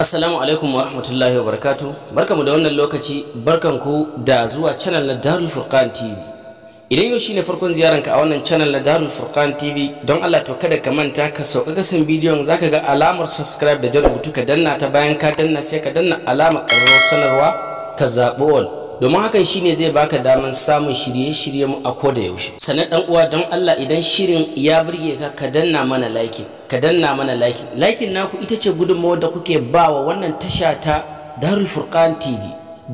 Assalamu alaikum wa rahmatullahi wa barakatu barkamu da wannan lokaci barkanku da zuwa channel na Darul Furqan TV idan yau shine farkon ziyaranka a wannan channel na Darul Furqan TV don Allah to kada ka manta ka sauka kasan bidiyon zaka ga alamar subscribe da jan rubutu ka danna ta bayan ka danna sai ka danna alamar ƙararrawar sanarwa ka zaɓi all domin hakan shine zai baka damar samun shirye-shirye mu a koda yaushe sanan dan uwa don Allah idan shirin ya burge ka ka danna mana like ka danna mana laikin like naku ita ce gudunmawar da kuke ba wa wannan tasha ta Darul Furqan TV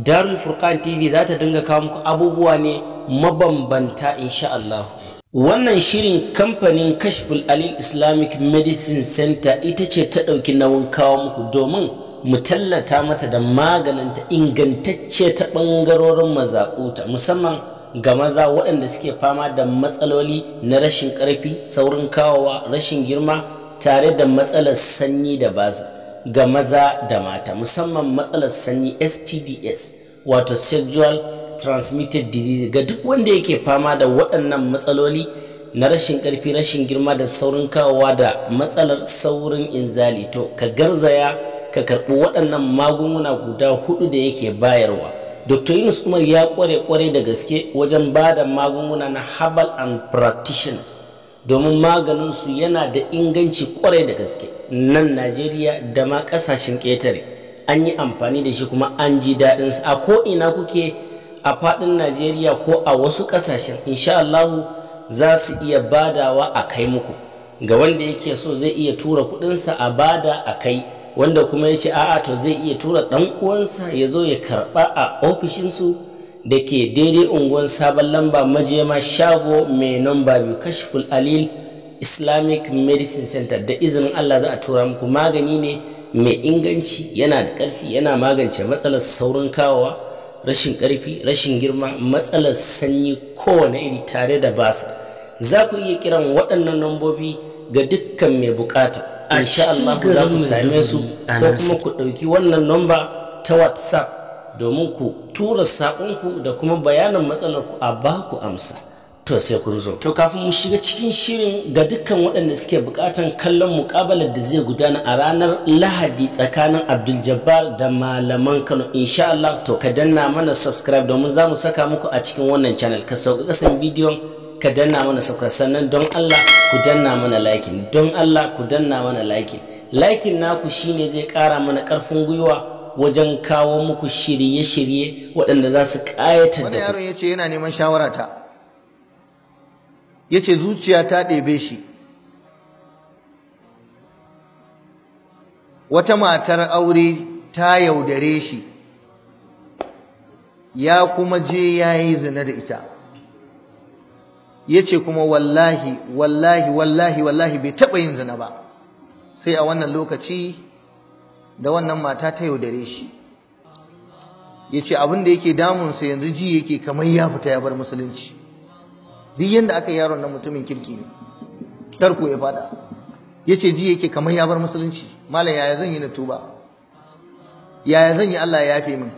Darul Furqan TV za ta dinga kawo muku abubuwa ne mabambanta insha Allah wannan shirin kamfanin Kashful Alil Islamic Medicine Center ita ce ta ɗauki nauyin kawo muku domin mu tallata mata da maganinta ingantacce ta ɓangarorin mazaƙuta musamman ga maza waɗanda suke fama da matsaloli na rashin ƙarfi saurin kawowa rashin girma tare da matsalar sanyi da baza ga maza da mata musamman matsalar sanyi STDs wato sexual transmitted disease ga duk wanda yake fama da waɗannan matsaloli na rashin ƙarfi rashin girma da saurin kawowa da matsalar saurin inzali to ka garzaya ka karɓi waɗannan magunguna guda hudu da yake bayarwa dr yunus umar ya kware-kware da gaske wajen ba da magunguna na herbal and practitioners domin maganinsu yana da inganci kwarai da gaske nan najeriya da ma kasashen ƙetare an yi amfani da shi kuma an ji daɗinsa a ko ina kuke a faɗin najeriya ko a wasu ƙasashen insha allahu za su iya badawa a kai muku ga wanda yake so zai iya tura kuɗinsa a bada a kai wanda kuma ya ce a'a to zai iya tura ɗan uwansa ya zo ya karɓa a ofishinsu da ke daidai unguwan sabon lamba majema shago mai namba biyu kashful alil islamic medicine center da izinin allah za a tura muku magani ne mai inganci yana da ƙarfi yana magance matsalar saurin kawowa rashin ƙarfi rashin girma matsalar sanyi kowane iri tare da basa za ku iya kiran waɗannan nambobi ga dukkan mai bukata insha Allah za ku same su ko kuma ku ɗauki wannan namba ta whatsapp domin ku tura saƙonku da kuma bayanin matsalar ku a ba ku amsa to sai ku zo to kafin mu shiga cikin shirin ga dukkan waɗanda suke buƙatar kallon muƙabalar da zai gudana a ranar lahadi tsakanin abdul da malaman kano insha Allah to ka danna mana subscribe domin za mu saka muku a cikin wannan channel ka sauka kasan bidiyon ka danna mana subscribe sannan don Allah ku danna mana liking don Allah ku danna mana liking liking naku shine zai ƙara mana ƙarfin gwiwa wajen kawo muku shirye-shirye waɗanda za su ƙayatar da yaron ya ce yana neman shawara ta ya ce zuciya ta ɗebe shi wata matar aure ta yaudare shi ya kuma je ya yi zina da ita ya ce kuma wallahi wallahi wallahi wallahi bai taɓa yin zina ba sai a wannan lokaci da wannan mata ta yaudare shi ya ce abin da yake damunsa yanzu ji yake kamar ya fita ya bar musulunci duk yadda aka yi yaron na mutumin kirki ne tarko ya fada ya ce ji yake kamar ya bar musulunci malam yaya zan yi na tuba yaya zan yi Allah ya yafe min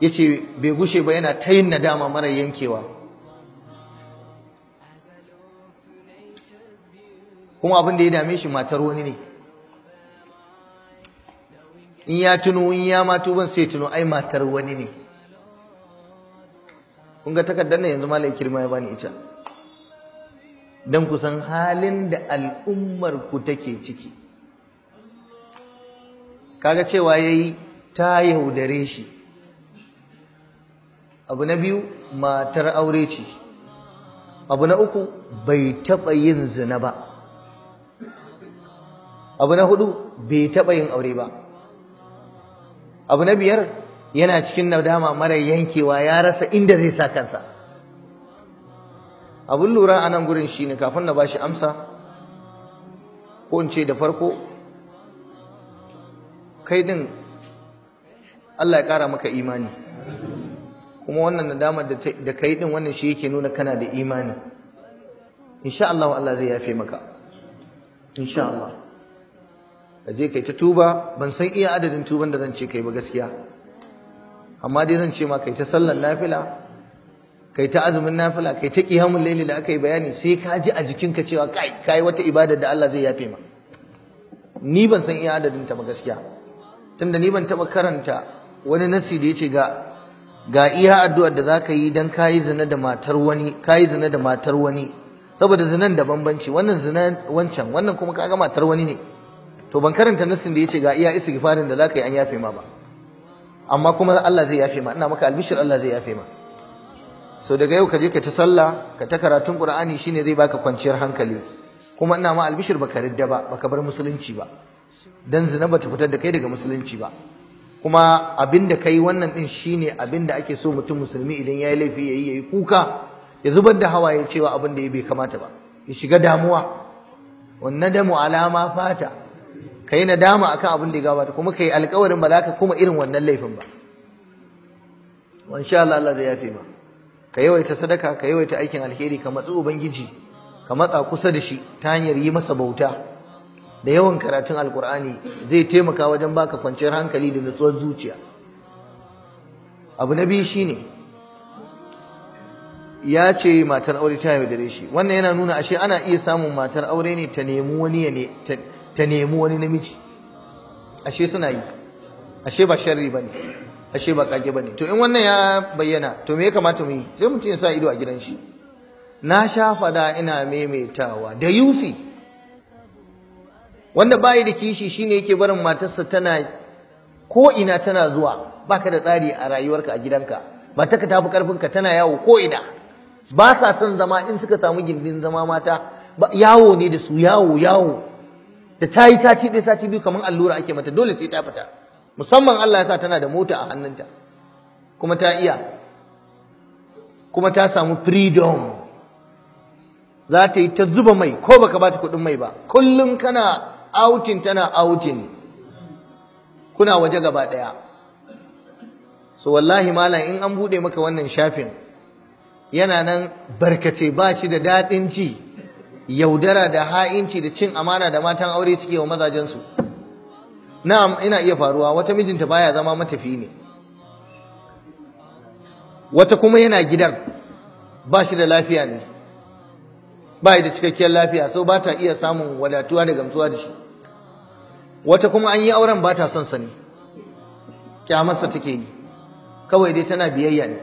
ya ce bai gushe ba yana ta yin nadama mara yankewa kuma abin da ya dame shi matar wani ne in ya tuno in ya matu ban sai tuno ai matar wani ne kun ga takardar nan yanzu malai kirma ya bani ita dan kusan halin da al'ummar ku take ciki kaga cewa yayi ta yaudare shi abu na biyu matar aure ce abu na uku bai taɓa yin zina ba abu na hudu bai taɓa yin aure ba abu na biyar yana cikin nadama mara yankewa ya rasa inda zai sa kansa abun lura a nan gurin shine kafin na bashi amsa ko in ce da farko kai din Allah ya ƙara maka imani kuma wannan nadamar da kai din wannan shi yake nuna kana da imani insha Allah Allah zai yafe maka insha ka kai ta tuba ban san iya adadin tuban da zan ce kai ba gaskiya amma dai zan ce ma kai ta sallar nafila kai ta azumin nafila kai ta qiyamul layli da aka yi bayani sai ka ji a jikinka cewa kai kai wata ibadar da Allah zai yafe ma ni ban san iya adadin ta ba gaskiya tunda ni ban taba karanta wani nasi da yace ga ga iya addu'ar da zaka yi dan kai zina da matar wani kai zina da matar wani saboda zinan da bambanci wannan zinan wancan wannan kuma kaga matar wani ne to ban karanta nassin da yace ga iya istighfarin da zaka yi an yafe ma ba amma kuma Allah zai yafe ma ina maka albishir Allah zai yafe ma so daga yau ka je ka ta sallah ka ta karatun qur'ani shine zai baka kwanciyar hankali kuma ina ma albishir baka ridda ba baka bar musulunci ba dan zina bata fitar da kai daga musulunci ba kuma abinda kai wannan din shine abinda ake so mutum musulmi idan yayi laifi yayi yayi kuka ya zubar da hawaye cewa abin da ya bai kamata ba ya shiga damuwa wannan damu alama fata ka yi nadama akan abin da ya gabata kuma ka yi alkawarin ba za ka kuma irin wannan laifin ba wa insha Allah Allah zai yafe ma ka yawaita sadaka ka yawaita aikin alheri ka matsu ubangiji ka matsa kusa da shi ta hanyar yi masa bauta da yawan karatun alkur'ani zai taimaka wajen baka kwanciyar hankali da nutsuwar zuciya abu na biyu shine ya ce matar aure ta da shi wannan yana nuna ashe ana iya samun matar aure ne ta nemi wani ya ne ta nemi wani namiji ashe suna yi ashe ba sharri bane ashe ba kage bane to in wannan ya bayyana to me ya kamata mu yi sai mutum ya sa ido a gidan shi na sha fada ina maimaitawa da yusi wanda bayi da kishi shine yake barin matarsa tana ko ina tana zuwa baka da tsari a rayuwarka a gidanka matarka ta fi karfinka tana yawo ko ina ba sa son zama in suka samu gindin zama mata yawo ne da su yawo yawo da ta yi sati ɗaya sati biyu kamar allura ake mata dole sai ta fita musamman Allah ya sa tana da mota a hannunta kuma ta iya kuma ta samu freedom za ta yi ta zuba mai ko baka bata kuɗin mai ba kullum kana outing tana outing kuna waje gaba ɗaya so wallahi mala in an buɗe maka wannan shafin yana nan barkace ba shi da daɗin ci. yaudara da ha'inci da cin amana da matan aure suke wa mazajensu na'am ina iya faruwa wata mijinta baya zama matafi ne wata kuma yana gidan ba shi da lafiya ne ba da cikakkiyar lafiya so ba ta iya samun wadatuwa da gamsuwa da shi wata kuma an yi auren ba ta son sani kyamarsa take yi kawai dai tana biyayya ne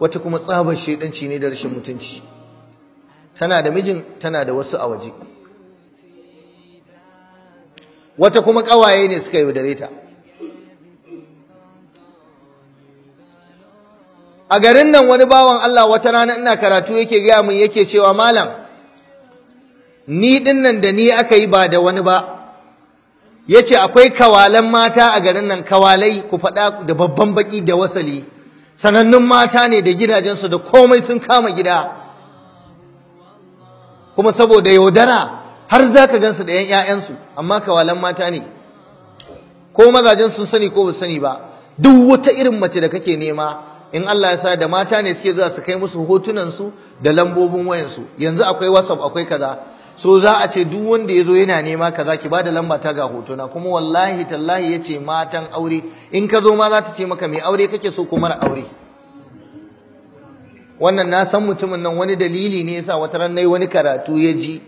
wata kuma tsabar shaidanci ne da rashin mutunci tana da mijin tana da wasu a waje wata kuma ƙawaye ne suka yaudare ta a garin nan wani bawan Allah wata rana ina karatu yake gaya min yake cewa malam ni din nan da ni aka yi ba da wani ba yace akwai kawalan mata a garin nan kawalai ku faɗa da babban baki da wasali sanannun mata ne da gidajensu da komai sun kama gida kuma saboda yaudara har za ka gansu da 'yan 'ya'yansu amma kawalan mata ne ko mazajen sun sani ko ba sani ba duk wata irin mace da kake nema in Allah ya sa da mata ne suke zuwa su kai musu hotunansu da lambobin wayansu yanzu akwai whatsapp akwai kaza so za a ce duk wanda ya zo yana nema kaza ki da lamba ta ga hotuna kuma wallahi tallahi ya ce matan aure in ka zo ma za ta ce maka mai aure kake so ko mara aure wannan na san mutumin nan wani dalili ne yasa wata ran nayi wani karatu ya ji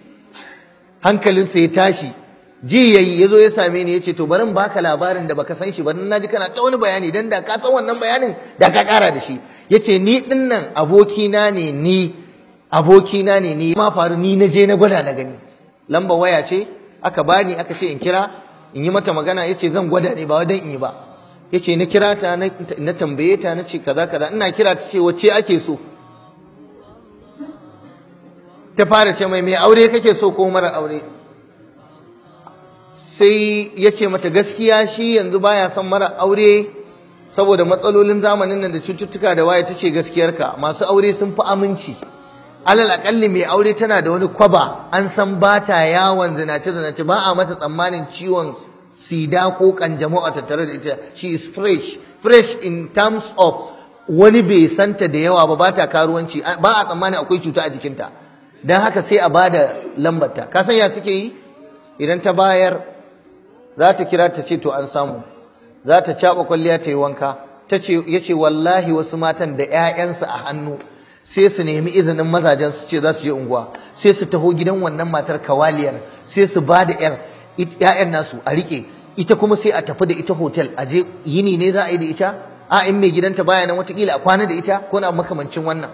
Hankalin hankalinsa ya tashi ji yayi yazo ya same ni yace to barin baka labarin da baka san shi ba na ji kana ta wani bayani dan da ka san wannan bayanin da ka kara da shi yace ni aboki abokina ne ni abokina ne ni ma faru ni na je na gwada na gani lamba waya ce aka bani aka ce in kira in yi mata magana yace zan gwada ne ba wadan in yi ba yace na kira ta na tambaye ta na ce kaza kaza ina kira ta ce wacce ake so ta fara ce mai mai aure kake so ko mara aure sai ya ce mata gaskiya shi yanzu baya son mara aure saboda matsalolin zamanin nan da cututtuka da waye ce gaskiyarka masu aure sun fi aminci alal akalli mai aure tana da wani kwaba an san ba ta yawon zinace zinace ba a mata tsammanin ciwon sida ko kanjamau a tattare da ita she is fresh fresh in terms of wani bai santa da yawa ba ba ta karuwanci ba a tsammanin akwai cuta a jikinta don haka sai a bada lambarta ka san ya suke yi idan ta bayar za ta kira ta ce to an samu za ta caɓa kwalliya ta yi wanka ta ce ya ce wallahi wasu matan da 'ya'yansu a hannu sai su nemi izinin mazajen su ce za su je unguwa sai su taho gidan wannan matar kawaliyar sai su ba da 'ya'yan nasu a rike ita kuma sai a tafi da ita hotel a je yini ne za a yi da ita a in mai gidanta baya nan watakila a kwana da ita ko na makamancin wannan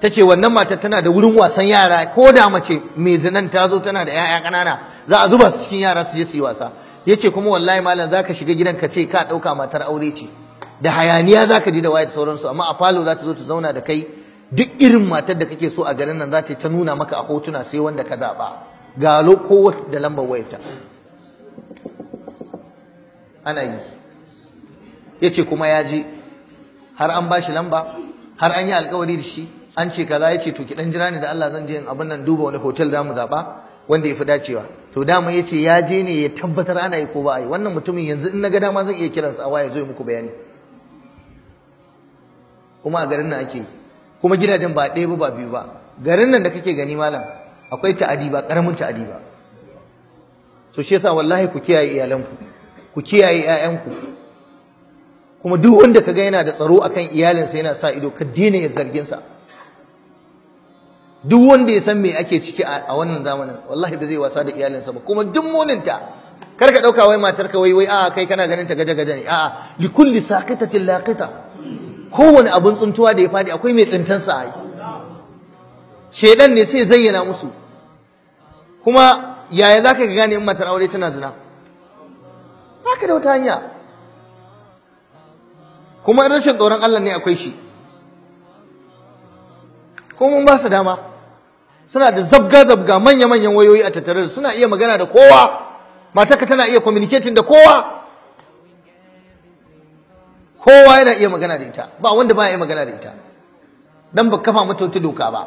ta ce wannan matar tana da wurin wasan yara ko da mace mai zinan ta zo tana da 'ya'ya kanana za a zuba su cikin yara su je su yi wasa ya ce kuma wallahi malam za ka shiga gidan ka ce ka ɗauka matar aure ce da hayaniya za ka ji da waye sauransu amma a falo za ta zo ta zauna da kai duk irin matar da kake so a garin nan za ta ta nuna maka a hotuna sai wanda ka zaba ga ko da lambar wayarta ana yi ya ce kuma ya je har an ba shi lamba har an yi alkawari da shi an ce kaza ya ce to ki dan jira ni da Allah zan je abin nan duba wani hotel da mu zaba wanda ya fi dacewa to dama ya ce ya je ne ya tabbatar ana yi ko ba a yi wannan mutumin yanzu in na ga dama zan iya kiransa a waya zo yi muku bayani kuma a garin nan ake kuma gidajen ba ɗaya ba ba biyu ba garin nan da kake gani malam akwai ta'adi ba karamin ta'adi ba so shi yasa wallahi ku kiyaye iyalanku ku kiyaye ƴaƴanku kuma duk wanda kaga yana da tsaro akan iyalinsa yana sa ido ka daina ya zargin sa duk wanda ya san me ake ciki a wannan zamanin wallahi da zai wasa da iyalinsa ba kuma duk muninta kar ka dauka wai matar ka wai wai a'a kai kana ganin ta gaje gaje ne a'a li kulli saqitatin laqita kowane abun tsuntuwa da ya fadi akwai mai tsintan sa ai shedan ne sai zayyana musu kuma yaya zaka ga gane in matar aure tana zina haka da wata hanya kuma rashin tsoron Allah ne akwai shi ko mun ba su dama suna da zabga zabga manya manyan wayoyi a tattare suna iya magana da kowa mataka tana iya communicating da kowa kowa yana iya magana da ita ba wanda ba ya iya magana da ita dan ba kafa mata wata doka ba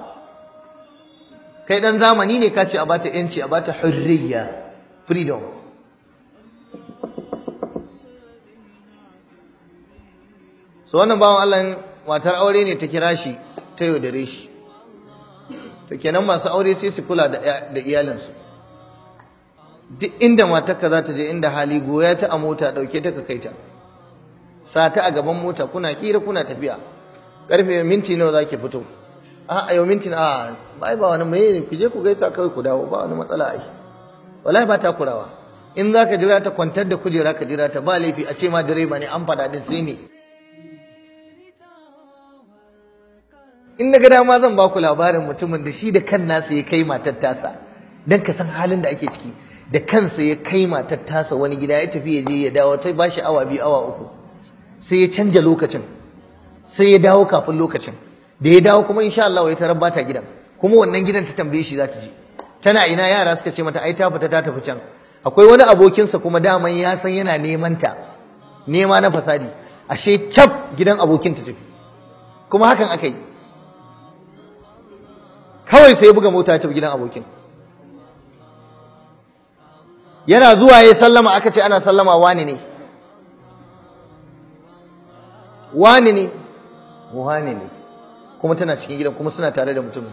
kai dan zamani ne ka ce a bata yanci a bata hurriya freedom so wannan bawan Allah matar aure ne ta kira shi ta yaudare shi to kenan masu aure sai su kula da iyalinsu duk inda matarka za ta je inda hali goya ta a mota dauke ta ka kai ta sa ta a gaban mota kuna kira kuna tafiya karfe minti nawa zaki fito a a yau minti a bai ba wani mai ku je ku gaisa kawai ku dawo ba wani matsala ai wallahi ba ta kurawa in za ka jira ta kwantar da kujera ka jira ta ba laifi a ce ma direba ne an fada din sai ne in na ga dama zan baku labarin mutumin da shi da kan nasa ya kai matar tasa dan ka san halin da ake ciki da kansa ya kai matar tasa wani gida ya tafi ya je ya dawo ta bashi awa biyu awa uku sai ya canja lokacin sai ya dawo kafin lokacin da ya dawo kuma insha Allah ya tarabba ta gidan kuma wannan gidan ta tambaye shi za ta je tana ina yara suka ce mata ai ta fita ta tafi can akwai wani abokinsa kuma daman ya san yana neman ta nema na fasadi ashe cap gidan abokin ta tafi kuma hakan aka yi kawai sai ya buga mota ta gidan abokin yana zuwa ya sallama aka ce ana sallama wani ne wani ne wani ne kuma tana cikin gidan kuma suna tare da mutum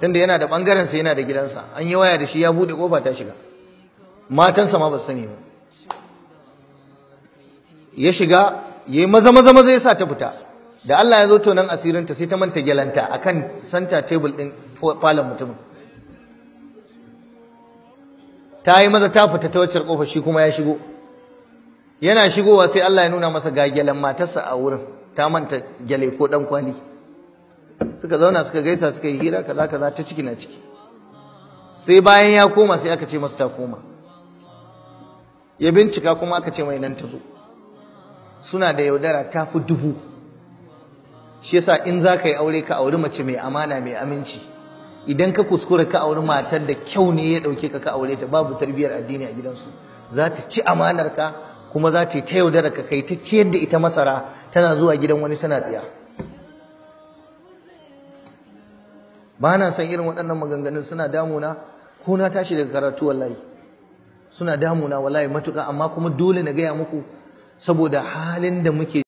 tunda yana da bangaren sa yana da gidansa an yi waya da shi ya bude kofa ta shiga sa ma ba su sani ba ya shiga yayi maza maza maza ya sa ta fita da Allah ya zo to nan asirinta sai ta manta gelanta akan santa table din falon mutumin ta yi maza ta fita ta wacce kofa shi kuma ya shigo yana shigowa sai Allah ya nuna masa ga gyalen matarsa a wurin ta manta gyale ko dan kwali suka zauna suka gaisa suka yi hira kaza kaza ta ciki na ciki sai bayan ya koma sai aka ce masa ta koma ya bincika kuma aka ce mai nan ta zo suna da yaudara ta fi dubu shi yasa in za ka yi aure ka auri mace mai amana mai aminci idan ka kuskura ka auri matar da kyau ne ya ɗauke ka ka aure ta babu tarbiyyar addini a gidansu za ta ci amanar ka kuma za ta yi ta yaudara ka kai ta ciyar da ita masara tana zuwa gidan wani tana tsiya ba na san irin waɗannan maganganun suna damuna ko na tashi daga karatu wallahi suna damuna wallahi matuƙa amma kuma dole na gaya muku saboda halin da muke